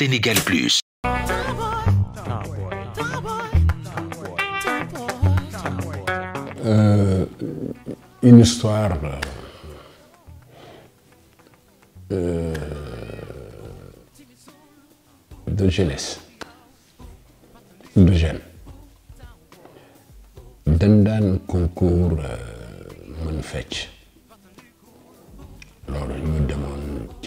Sénégal Plus. Euh, une histoire euh, euh, de jeunesse, de jeunes. Dendan concours euh,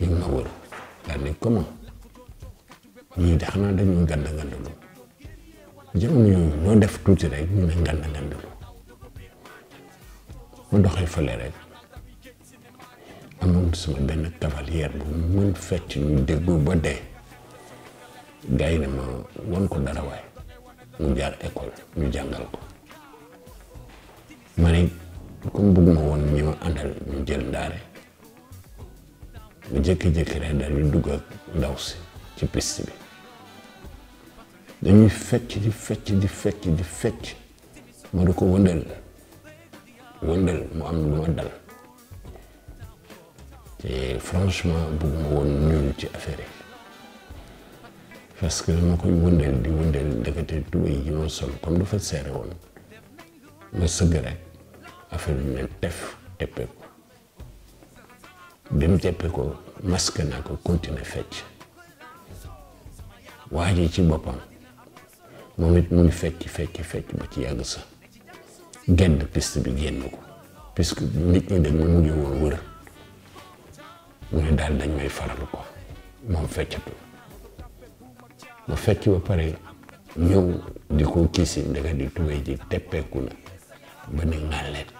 ñi ma wër daal ni comment ñii de xanaa dañuy gànda gàndalu jamono yooyu def tuuti rek ñu ne gànda gàndalu ma doxee fële rek amoon sama benn cavalière bu mën fecc ñu déggu ba dee ma won ko dara waaye mu jaar école ñu jàngal ko ma ne comme bëgguma woon ñi ma ñu jël ndaare bu jékki-jékki dugg ak ndaw si ci piste bi dañuy fecc di fecc di fecc di fecc ma di ko wëndal wëndal mu am lu dal te franchement bëgguma woon ñuul ci affaire yi parce que ma koy wëndal di wëndal ndekete tubéy yi ma sol comme dafa seere woon ma sëgg rek affaire bi ne tef teppeeku bi mu ko masque naa ko continuer fecc waa ji ci boppam moom it mu ngi fecc fecc ba ci yàgg sa gedd piste bi génn ko puisque nit ñi dañ mu mujj woon wër mu ne daal dañ may faral ko moom feccatu mu fecc ba pare ñëw di ko kiisi ndaka di tubéy ji teppeeku na ba ne ŋàlleet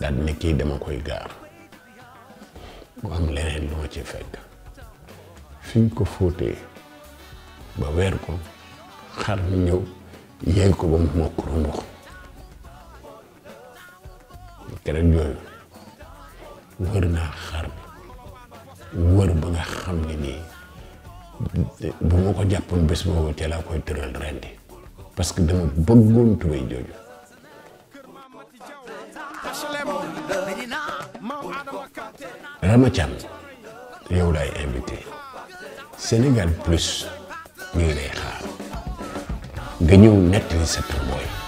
daal ne kii dama koy gaar bu am leneen lu ma ci fekk fi ko fóotee ba weer ko xar mu ñëw yeey ko ba mu mokk ndox keroog yooyu wër naa xar bi wër ba nga xam ni nii bu ma ko jàppoon bés boobu te koy tëral rendi parce que dama tubéy jooju Ramacham, yow invité Sénégal Plus nous ngi là.